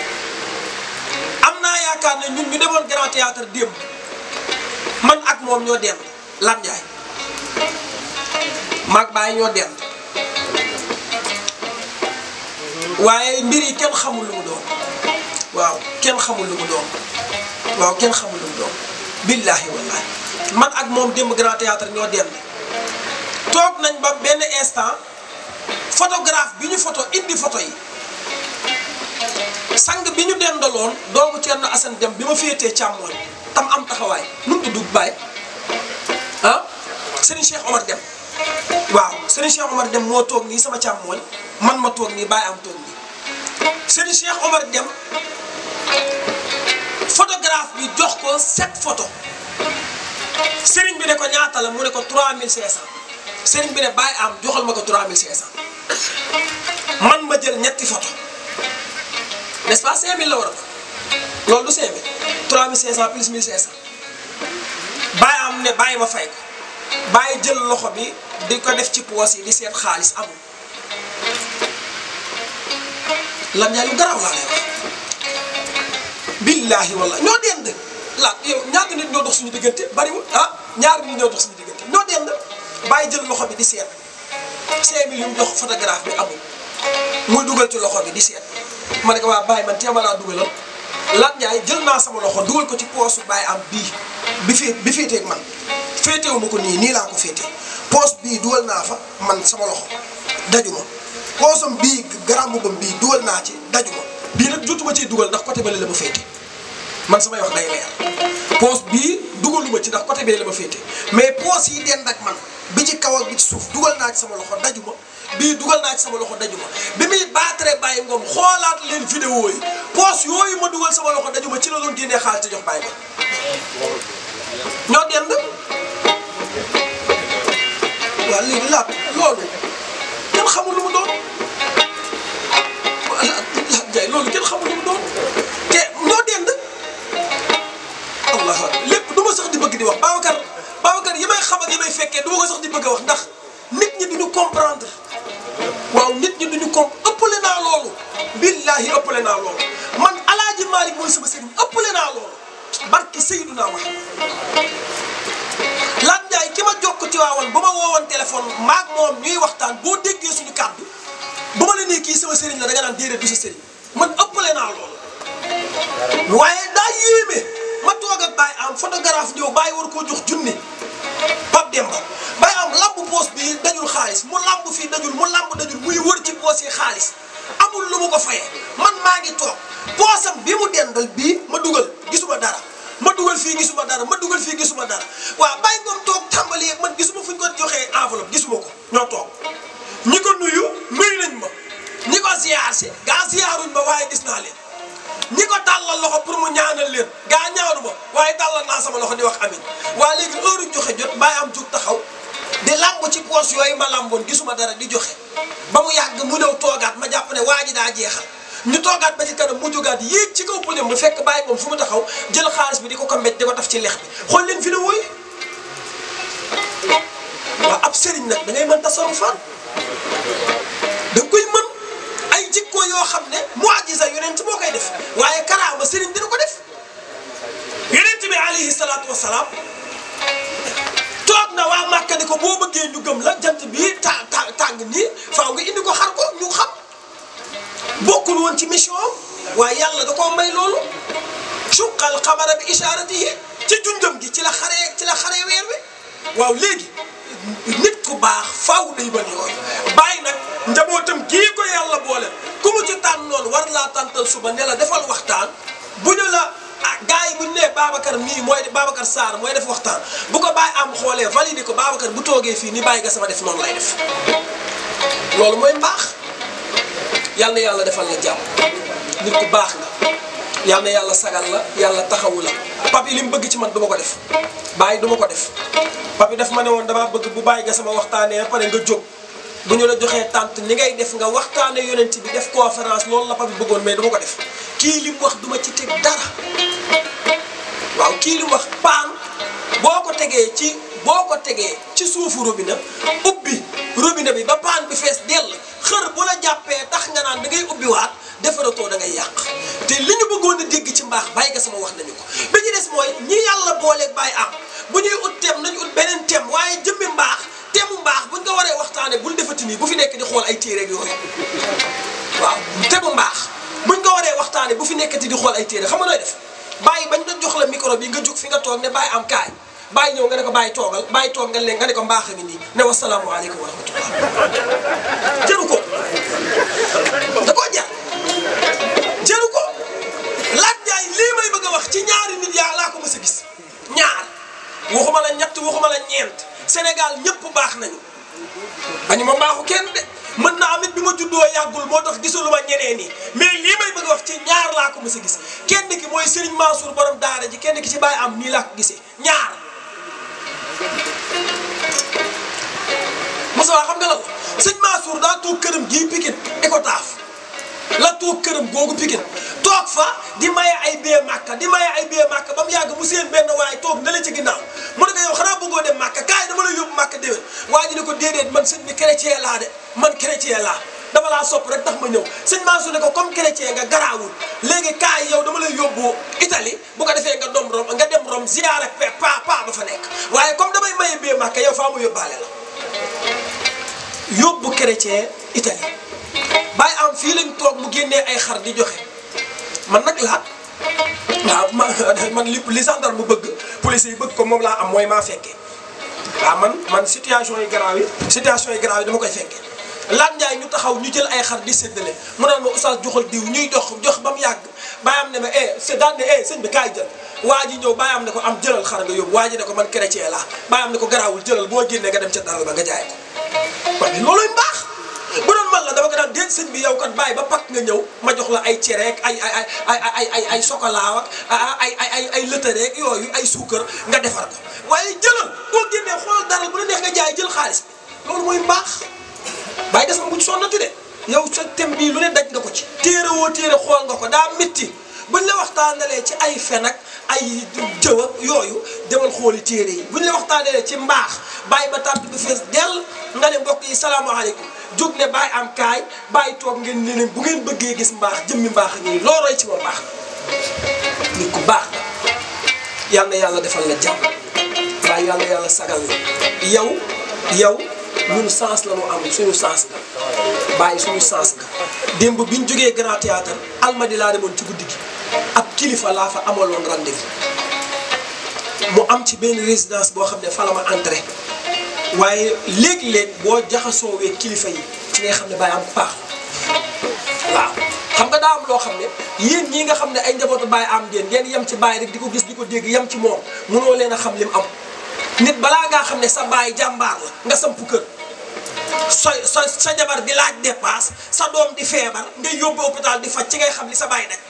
am naa yaakaar na ñun ñu demoon grand théâtre démb man ak moom ñoo dend lan njaay maag bàyyi ñoo dend waaye mbir yi kenn xamul lu mu waaw kenn xamul lu mu waaw kenn xamul lu mu billaahi wallaahi man ak moom démb grand théâtre ñoo dend toog nañ ba benn instant photographe bi ñu photo indi photo yi sang bi ñu dendaloon doomu Thierno Assane dem bi ma féetee càmmooñ tam am taxawaay nu mu tudd Baye ah Serigne Cheikh Omar Deme waaw Serigne Cheikh Omar Deme moo toog nii sama càmmooñ man ma toog nii Baye am toog nii Serigne Cheikh Omar Deme photographe bi jox ko sept photo sëriñ bi ne ko ñaata la mu ne ko 3500 sëriñ bi ne bàyyi am joxal ma ko 3500 man ma jël ñetti photo n'est-ce pas la war a loolu du 5000 3500 plus 1500 bàyyi am ne bàyyi ma fay ko bàyyi jël loxo bi di ko def ci poos yi di seet xaalis amul lan ñaa lu garaw laa lay billaahi wallaahi ñoo dend laat yow ñaata nit ñoo dox suñu diggante bariwul ah ñaari nit ñoo dox suñu diggante ñoo dend bàyyi jël loxo bi di seet cinq mille yu mu bi amul muy dugal ci loxo bi di seet ma ne ko waa bàyyi man teem a laa dugalal Lat Ndiaye jël naa sama loxo dugal ko ci poosu bàyyi am bii bi fee bi féeteeg man féetewu ko nii nii laa ko féete poos bii dugal naa fa man sama loxo daju ma poosam bii garam bam bii dugal naa ci daju ma bii nag jotuma ciy dugal ndax côté bale la ma féete man samay wax day leer poos bii dugaluma ci ndax côté bee la ma féete mais poos yi dend ak man bi ci kaw ak bi ci suuf dugal naa ci sama loxo daju ma bii dugal naa sama loxo daju ma bi muy baatare bàyyi ngoom xoolaat leen vidéo yi poos yooyu ma dugal sama loxo daju ma ci la doon génnee xaalis te jox bàyyi ma ñoo dend waaw léegi laat loolu kenn xamul lu mu doon loolu kenn xamul bëgg di wax Babacar Babacar yi may xam ak yi may fekkee du ma ko sax di bëgg a wax ndax nit ñi duñu comprendre waaw nit ñi duñu comp ëppale naa loolu billaahi ëppale naa loolu man alaaji Malick mooy sama sëriñ ëppale naa loolu barki Seydina wax lan jaay ki ma jokk ci waawoon ba ma woowoon téléphone maag moom ñuy waxtaan boo déggee suñu kàddu ba ma la nee kii sama sëriñ la da nga naan déedéet du sa sëriñ man ëppale naa loolu waaye daa yéeme ma toog ak Baye am photographe ñëw Baye war koo jox junni Pape Demba Baye am lamb poos bi dajul xaalis mu lamb fii dajul mu lamb dajul muy wër ci poos xaalis amul lu mu ko fayee man maa ngi toog poosam bi mu dendal bii ma dugal gisuma dara ma dugal fii gisuma dara ma dugal fii gisuma dara waaw Baye Ngom toog tàmbali man gisuma fu ñu ko joxee enveloppe gisuma ko ñoo toog ñi ko nuyu nuyu nañ ma ñi ko ziyaar si gaa ziyaaruñ ma waaye gis naa leen. tàllal loxo pour mu ñaanal leen gaa ñaanu ma waaye tàllal naa sama loxo di wax amin waa léegi heure joxe jot bàyyi am jug taxaw di làmb ci poos yooyu ma làmboon gisuma dara di joxe ba mu yàgg mu ñëw toogaat ma jàpp ne waa ji daa jeexal ñu toogaat ba ci kanam mu jógaat yéeg ci kaw pëñam bu fekk bàyyi moom fu mu taxaw jël xaalis bi di ko ko mbéj di ko taf ci lex bi xool leen fi ne wooy waaw ab sëriñ nag da ngay mën tasarufaat jikko yoo xam ne mu'jiza yonent moo koy def waaye karaama sëriñ dina ko def yonent bi alayhi salaatu wa salaam toog na waa Màkka ni ko boo bëggee ñu gëm la jant bi ta ta tàng nii faaw nga indi ko xar ko ñu xam bokkul woon ci mission am waaye yàlla da koo may loolu suqal xamara bi ishaaratihi ci junjam gi ci la xaree ci la xaree weer wi waaw léegi. nit ku baax faaw day mel yooyu bàyyi nag njabootam kii ko yàlla boole ku mu ci tànnoon war laa tàntal suba ne la defal waxtaan bu ñu la ah, gars yi bu ñu nee Babacar mii mooy Babacar Sarr mooy def waxtaan bu ko bàyyi am xoolee validé ko Babacar bu toogee fii ni bàyyi nga sama def noonu lay def loolu mooy mbaax yàlla yàlla defal la jàmm nit ku baax nga. yal na yàlla sagal la yàlla taxawu la papi li mu bëgg ci man du ko def bàyyi duma ko def papi daf ma ne woon damaa bëgg bu bàyyi nga sama waxtaanee pare nga jóg bu ñu la joxee tànt ni ngay def nga waxtaane yonent bi def conférence loolu la papi bëggoon mais du ma ko def kii li mu wax duma ci teg dara waaw kii li wax paan boo ko tegee ci boo ko tegee ci suufu robinet ubbi robinet bi ba paan bi fees dell xër bu la jàppee tax nga naan da ngay ubbi waat defaratoo da ngay yàq te li ñu bëggoon a dégg ci mbaax bàyyi nga sama wax nañu ko ba ñu des mooy ñi yàlla booleeg bàyyi am bu ñuy ut tem nañu ut beneen tem waaye jëmmi mbaax temu mbaax buñ ko waree waxtaane bul defati nii bu fi nekk di xool ay téere ak waaw temu mbaax buñ ko waree waxtaane bu fi nekkati di xool ay téere xam nga nooy def bàyyi bañ doon jox la micro bi nga jug fi nga toog ne bàyyi am kaay bàyyi ñëw nga ne ko bàyyi toogal bàyyi toog nga leen nga ne ko mbaax mi nii ne wasalaamualeykum wa rahmatullah jëru ko wax ci ñaari nit yaa laa ko mës a gis ñaar ma la ñett ma la ñeent Sénégal ñëpp baax nañu bañu ma mbaaxu kenn de mën naa amit bi ma juddoo yàggul moo tax gisuluma ñeneen yi mais lii may bëgg wax ci ñaar laa ko mës a gis kenn ki mooy Serigne Mansour borom daara ji kenn ki ci bàyyi am nii laa ko gisee ñaar Moussa xam nga la ko sëñ Mansour daa toog këram gii Pikine Icotaf la tuug këram googu Pikine toog fa di maye ay bee màkka di maye ay bee màkka ba mu yàgg mu seen benn waaye toog na la ci ginnaaw mu ne ko yow xanaa bëggoo dem màkka kaay dama ko déedéet man sëñ bi chrétien laa de man chrétien laa dama laa sopp rek tax ma ñëw sëñ Mansour ne ko comme chrétien nga garaawul léegi kaay yow dama lay yóbbu Italie bu ko defee nga dom Rome nga dem Rome ziyaar ak pa pa ba fa nekk waaye comme damay maye bee màkka yow faa ma yóbbaale la yóbbu chrétien Italie fii lañ toog mu génnee ay xar di joxe man nag laa waaw man man li li gendarme mu bëgg police yi bëgg ko moom laa am mooy maa fekkee waaw man man situation yi garaaw yi situation yi garaaw yi dama koy fekkee Lat Ndiaye ñu taxaw ñu jël ay xar di séddale mu naan ma oustaz joxal diw ñuy jox jox ba mu yàgg bàyyam ne ma eh c' est daan ne eh sëñ bi kaay jël waa ji ñëw bàyyam ne ko am jëlal xar nga yóbbu waa ji ne ko man chrétien laa bàyyam ne ko garaawul jëlal boo génnee nga dem ca dara ba nga jaay bu doon man la dama ko daan déet sëñ bi yow kat bàyyi ba pak nga ñëw ma jox la ay cereek ay ay ay ay ay ay ak ay ay ay ay lëtëreek yooyu ay suukar nga defar ko waaye jëlal boo génnee xoolal dara bu la neex nga jaay jël xaalis loolu mooy mbaax bàyyi des ma bu sonnati de yow sa thème bii lu ne daj nga ko ci. téere woo téere xool nga ko daa métti buñ la waxtaanalee ci ay fen ak ay jëwa yooyu demal xooli téere yi bu buñ la waxtaanalee ci mbaax bàyyi ba tàbbi du fees dell nga ne mbokk yi salaamaaleykum. jóg ne bàyyi am kaay bàyyi toog ngeen ne leen bu ngeen bëggee gis mbaax jëmmi mbaax a ngi loo roy ci ma baax nit ku baax la yàlla defal na jàmm waaye yal yàlla sagal la yow yow ñun sens la mu am suñu sens la bàyyi suñu sens la démb bi ñu jógee grand théâtre almadi laa demoon ci guddi gi ab kilifa laa fa amoon amaloon rendez-vous mu am ci benn résidence boo xam ne fa la ma entré waaye léeg-léeg boo jaxasoowee kilifa yi ci ngay xam ne bàyyi am paax waaw xam nga daa am loo xam ne yéen ñii nga xam ne ay njabootu bàyyi am ngeen ngeen yem ci bàyyi rek di ko gis di ko dégg yem ci moom mënoo leen a xam lim am nit balaa ngaa xam ne sa bàyyi jàmbaar la nga samp kër sa sa sa jabar di laaj dépasse sa doom di feebar ngay yóbbu hôpital di faj ci ngay xam li sa bàyyi nag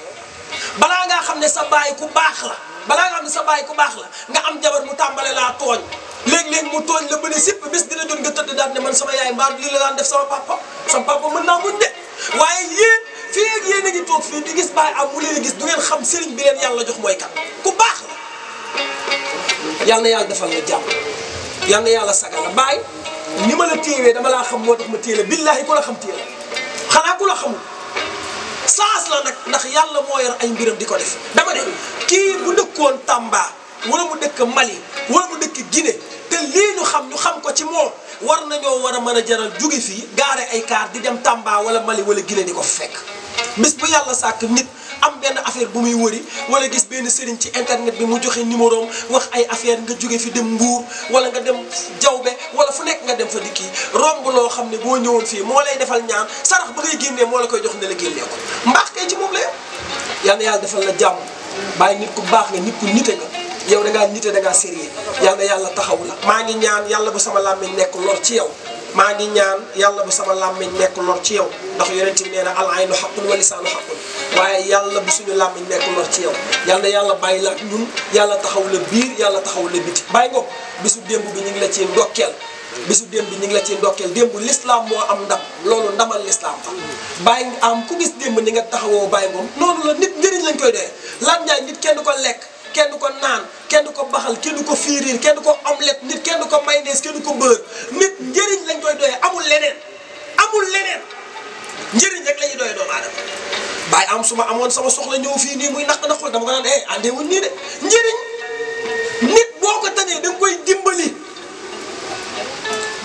balaa ngaa xam ne sa bàyyi ku baax la balaa nga xam ne sa bàyyi ku baax la nga am jabar mu tàmbale laa tooñ léeg-léeg mu tooñ la bëne sipp bis dina jot nga tëdd daal ne man sama yaay mbaar lii la daan def sama papa sama papa mën naa muñ de waaye yéen fii ak yéen a ngi toog fii di gis bàyyi am mu leen gis du ngeen xam sëriñ bi leen la jox mooy kan ku baax la yaa na yàlla defal la jàmm yàlla na yàlla sagal ni ma la téewee dama laa xam moo tax ma téye la billaahi ku la xam téye la la xamul chance la nag ndax yàlla moo yor ay mbiram di ko def dama ne kii bu dëkkoon Tamba wala mu dëkk Mali wala mu dëkk gine te lii ñu xam ñu xam ko ci moom war nañoo war a mën a jaral jóge fii gaare ay kaar di dem Tamba wala Mali wala Guinée di ko fekk bis bu yàlla sàkk nit am benn affaire bu muy wëri wala gis benn sëriñ ci internet bi mu joxee numéro wax ay affaire nga jóge fi dem mbuur wala nga dem jawbe wala fu nekk nga dem fa di kii romb loo xam ne boo ñëwoon fii moo lay defal ñaan sarax ba ngay génnee moo la koy jox ne la génnee ko mbaax kay ci moom la yal na yàlla defal la jàmm bàyyi nit ku baax nga nit ku nite nga yow da ngaa nite da ngaa sérieux yal na yàlla taxaw la maa ngi ñaan yàlla bu sama làmmiñ nekk lor ci yow maa ngi ñaan yàlla bu sama làmmiñ nekk lor ci yow ndax yonent bi nee na al aynu xaqun wa lisaanu xaqun waaye yàlla bu suñu làmmiñ nekk lor ci yow yàlla na yàlla bàyyi la ñun yàlla taxaw la biir yàlla taxaw la biti bàyyi nga bisu démb bi ñu ngi la ci ndokkeel bisu démb bi ñu ngi la ci ndokkeel démb l'islam moo am ndam loolu ndamal l'islam fa bàyyi am ku gis démb ni nga taxawoo bàyyi ngoom loolu la nit njëriñ lañ koy dee lan njaay nit kenn ko lekk kenn du ko naan kenn ko baxal kenn ko fiiriir kenn du ko omelette nit kenn du ko mayonnaise kenn du ko beurre nit njëriñ lañ koy doyee amul leneen amul leneen njëriñ rek la ñuy doyee doomu aadama bàyyi am su ma amoon sama soxla ñëw fii nii muy naq naqul dama ko naan eh àndee wuñ nii de njëriñ nit boo ko tanee koy dimbali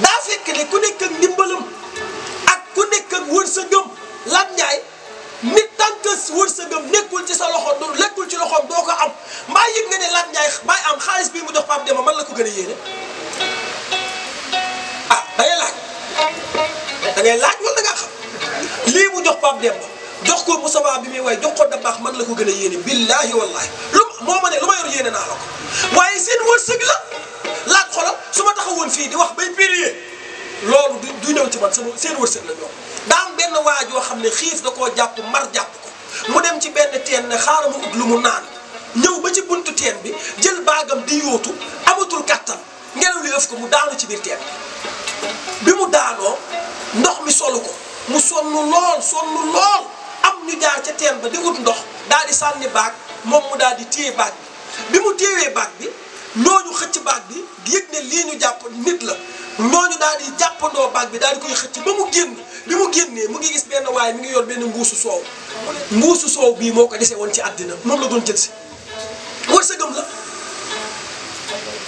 daa fekk ne ku nekk ak ndimbalam ak ku nekk ak wërsëgam lan njaay nit tant que wërsëgam nekkul ci sa loxo du lekkul ci loxoom doo ko am mbaa yëg nga ne Lat Ndiaye mbaa am xaalis bii mu jox Pape Demba man la ko gën a yéene ah da ngay laaj da mu jox Pape Demba jox ko Moustapha bi muy way jox ko da baax man la ko gën a yéene billaahi wallaahi lu moo ma ne lu ma yor yéene naa la waaye seen wërsëg la laaj xolal su ma taxawoon fii di wax bay périer loolu du ñëw ci man sama seen wërsëg la ñoom daa am benn xam ne xiif da koo jàpp mar jàpp ko mu dem ci benn teen ne xaaral mu ut lu mu naan ñëw ba ci buntu teen bi jël baagam di yóotu amatul kàttan ngelaw li ëf ko mu daanu ci biir teen bi mu daanoo ndox mi solu ko mu sonn lool sonn lool am ñu jaar ca teen ba di ut ndox daal di sànni baag moom mu daal di baag bi bi mu téewee baag bi ñooñu xëcc baag bi yëg ne lii ñu jàpp nit la ñooñu daal di jàppandoo bi daal di koy xëcc ba mu génn li mu génnee mu ngi gis benn waaye mi ngi yor benn mbuusu soow mbuusu soow bii moo ko dese woon ci àddina moom la doon jël si la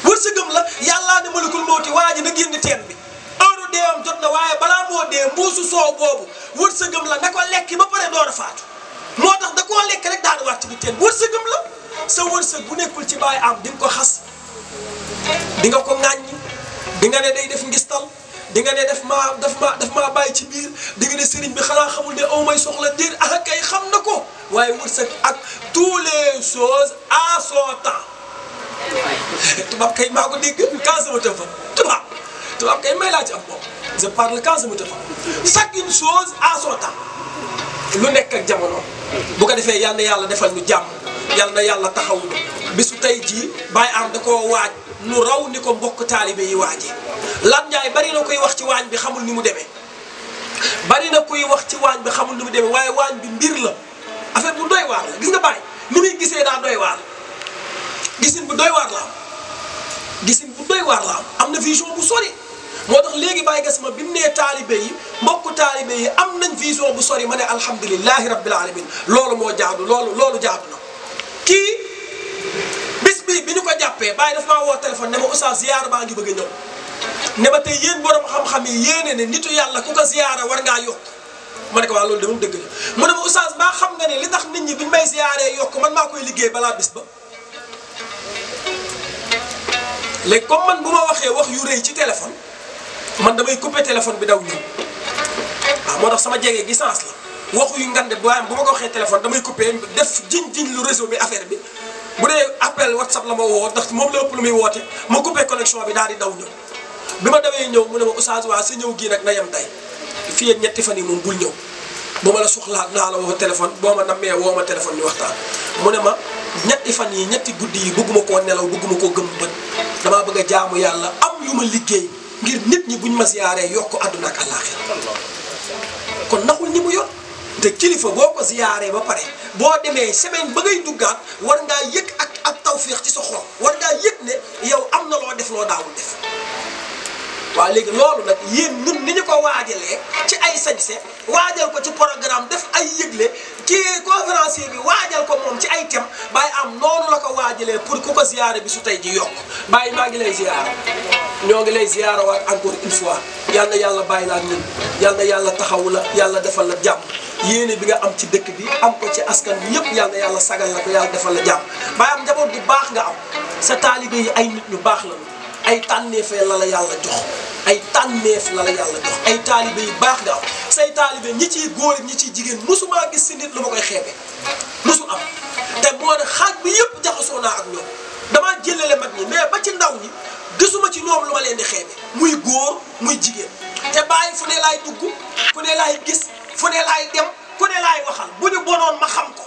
wërsëgam la yàllaa ne malakul waa na génn teen bi heure deewam jot na waaye balaa moo dee mbuusu soow boobu wërsëgam la na ko lekk ba pare door a faatu moo tax da koo lekk rek daal di wàcc bi teen wërsëgam la sa wërsëg bu nekkul ci bàyyi am di ko xas di nga ko ŋàññ di nga ne day def ngistal di nga ne def maa daf ma daf ma bàyyi ci biir di nga ne sëriñ bi xanaa xamul ne aw may soxla déet ah kay xam na ko waaye wërsëg ak tous les choses à temps tubaab kay maa ko dégg quand sama tëfa tubaab tubaab kay may laa ci am moom je parle quand sama tëfa chaque chose à son temps lu nekk ak jamono bu ko defee yal yàlla defal ñu jàmm yal na yàlla taxawu bisu tey jii bàyyi am da koo waaj. lu raw ni ko mbokk taalibe yi waajee Lat Ndiaye bari na koy wax ci waañ bi xamul ni mu demee bari na koy wax ci waañ bi xamul ni mu demee waaye waañ bi mbir la affaire bu doy waar la gis nga muy gisee daa doy waar gisin bu doy waar am gisin bu doy waar la am am na vision bu sori moo tax léegi bàyyi gas ma bi mu nee taalibe yi mbokk taalibe yi am nañ vision bu sori ma ne alhamdulilahi rabbil alamin loolu moo jaadu loolu loolu jaadu na kii bi ñu ko jàppee bàyyi dafa ma woo téléphone ne ma oustaz ziyaara baa ngi bëgg a ñëw ne ma tey yéen borom xam-xam yi yéene ne nitu yàlla ku ko ziyaara war ngaa yokk ma ne ko waa loolu de dëgg la ne ma oustaz xam nga ne li tax nit ñi biñ may ziyaaree yokk man maa koy liggéey balaa bis ba bu ma waxee wax yu rëy ci téléphone man damay couper téléphone bi daw ñëw waaw moo tax sama jege gisance la waxu yu ngande bu waaye bu ma ko waxee téléphone damay couper def jiñ jiñ lu réseau affaire bi bu dee appel whatsapp la ma woo ndax moom la ëpp lu muy woote ma coupé connexion bi daal di daw ñëw bi ma demee ñëw mu ne ma oustaz waa sa ñëw gii nag na yem tey fii ak ñetti fan yi moom bul ñëw bu ma la soxlaa naa la woo téléphone boo ma nammee woo ma téléphone ñu waxtaan mu ne ma ñetti fan yi ñetti guddi yi bëgguma koo nelaw bëgguma koo gëm bët damaa bëgg a jaamu yàlla am yu ma liggéey ngir nit ñi bu ñu ma siyaaree yokk àdduna ak àllaaxira kon te kilifa boo ko ziyaaree ba pare boo demee semaine ba ngay duggaat war ngaa yëg ak ak tawféex ci sa xol war ngaa yëg ne yow am na loo def loo daawul def waaw léegi loolu nag yéen ñun ni ñu ko waajalee ci ay sañse waajal ko ci programme def ay yëgle ci conférencier bi waajal ko moom ci ay thème bàyyi am noonu la ko waajalee pour ku ko ziyaare bi su tey ji yokk bàyyi maa ngi lay ziyaara ñoo ngi lay ziyaara waat encore une yàlla na yàlla bàyyi laa ñun yal yàlla taxaw la yàlla defal la jàmm yéene bi nga am ci dëkk bi am ko ci askan bi yëpp yàlla yàlla sagal la ko yàlla defal la jàmm bàyyi am njaboot bu baax nga am sa taalibe yi ay nit ñu baax la ay tànneefee la yàlla jox ay tànneef la la yàlla jox ay taalibe yu baax nga am say taalibe ñi ciy góor ñi ciy jigéen mosumaa gis si nit lu ma koy xeebe mosu am te moo ne xaaj bi yëpp jaxasoo naa ak ñoom damaa jëlale mag ñi mais ba ci ndaw ñi gisuma ci ñoom lu ma leen di xeebe muy góor muy jigéen te bàyyi fu ne laay dugg fu ne laay gis fu ne laay dem ku ne laay waxal bu ñu bonoon ma xam ko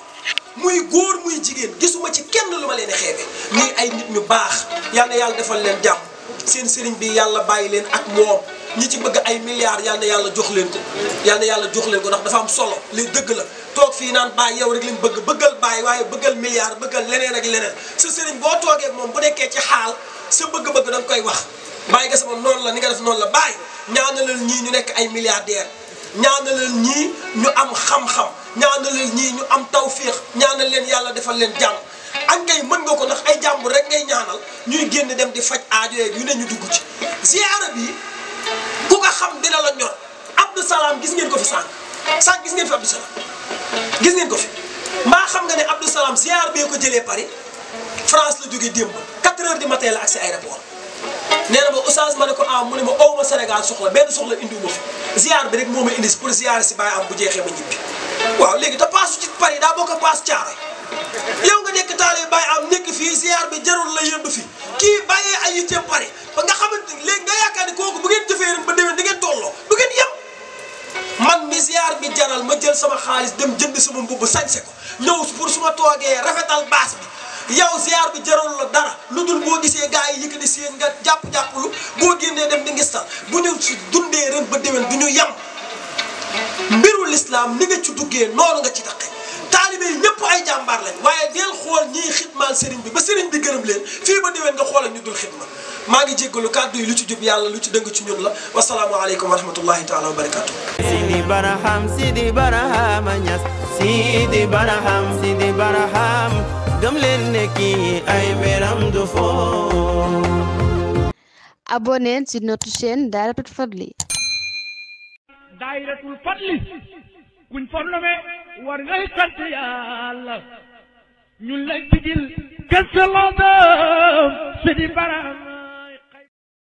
muy góor muy jigéen gisuma ci kenn lu ma leen di xeebe nii ay nit ñu baax yal na yàlla defal leen jàmm seen sëriñ bi yàlla bàyyi leen ak moom ñi ci bëgg ay milliards yal na yàlla jox leen ko yàlla yàlla jox leen ko ndax dafa am solo li dëgg la toog fii naan baay yow rek li bëgg bëggal baay waaye bëggal milliard bëggal leneen ak leneen sa sëriñ boo toogee moom bu nekkee ci xaal sa bëgg-bëgg da koy wax bàyyi nga sama noonu la ni nga def noonu la bàyyi ñaanalal ñii ñu nekk ay milliardaire ñaanalal ñii ñu am xam-xam ñaanalal ñii ñu am tawféex ñaanal leen yàlla defal leen jàmm ak mën nga ko ndax ay jàmbur rek ngay ñaanal ñuy génn dem di faj aajo yeeg yu ne ñu dugg ci ziyaara yi ku ko xam dina la ñor gis ngeen ko fi sànq sànq gis ngeen fi gis ngeen ko fi mbaa xam nga ne Abdou Salam ziar bee ko jëlee Paris France la jóge démb 4 heures du matin la ak si aéroport nee na ma oustaz ma ne ko ah mu ne ma aw Sénégal soxla benn soxla indiwuma fi ziar bi rek moo ma indi pour ziar si bàyyi am bu jeexee ma ñibbi waaw léegi te paasu ci Paris daa bokk ak paas caare yow nga nekk taale bàyyi am nekk fii ziar bi jarul la yëndu fi kii bàyyee ay yitteem Paris ba nga xamante léegi nga yaakaar ni kooku bu ngeen jëfee ren di ngeen tolloo du ngeen yem. man mi ziar bi jaral ma jël sama xaalis dem jënd sama mbubb sañse ko ñëw pour su ma toogee rafetal baas bi yow ziar bi jaral la dara lu dul moo gisee gars yi yëkkati seen nga jàpp-jàpp lu boo génnee dem di ngistal bu ñu dundee ren ba déwén du ñu yem mbiru lislaam ni nga ci duggee loolu nga ci daqe taalibe yi ñëpp ay jàmbaar lañ waaye deel xool ñiy xitmaal sëriñ bi ba sëriñ bi gërëm leen fii ba déwén nga xool ak ñu dul xitma maa ngi jéggalu kàddu yi lu ci jub yàlla lu ci dëng ci ñun la wasalaamualeykum wa rahmatullahi taala wa barakaatu. Sidi Baraham Sidi Baraham Ñas Sidi Baraham Sidi Baraham gëm leen kuñ fornome war ngay sant yàlla ñun lañ tijil kese la doom si di baram